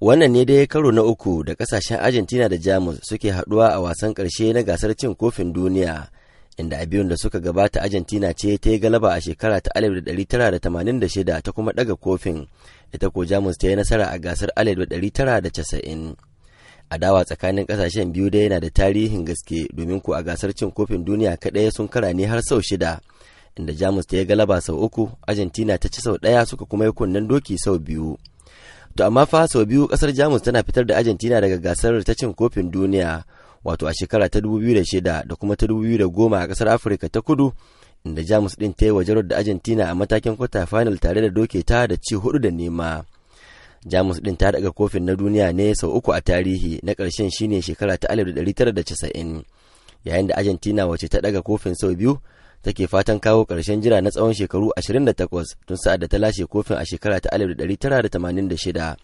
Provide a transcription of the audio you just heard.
Wannan ne dai karo na uku da kasashen Argentina da Jamus suke haduwa a wasan karshe na gasar cin kofin duniya, inda a da suka gabata Argentina ce ta yi galaba a shekara ta 1986 ta kuma daga kofin, ita ko Jamus ta yi nasara a gasar 1990. Adawa tsakanin kasashen biyu da yana da tarihin gaske domin ko a gasar cin kofin duniya kaɗai sun kara ne har sau shida. inda jamus ta yi galaba sau uku argentina ta ci sau ɗaya suka kuma yi kunnen doki sau biyu To amma fa sau biyu kasar Jamus tana fitar da Argentina daga gasar ta cin kofin duniya wato a shekara ta 2006 da kuma ta 2010 a kasar Afirka ta kudu inda Jamus din ta yi wa da Argentina a matakin kwata final tare da doke ta da ci hudu da nema. Jamus din ta daga kofin na duniya ne sau uku a tarihi na ƙarshen shine shekara ta 1990 yayin da Argentina wace ta daga kofin sau biyu take fatan kawo ƙarshen jira na tsawon shekaru 28 tun sa'ad da ta lashe kofin a shekara ta 1986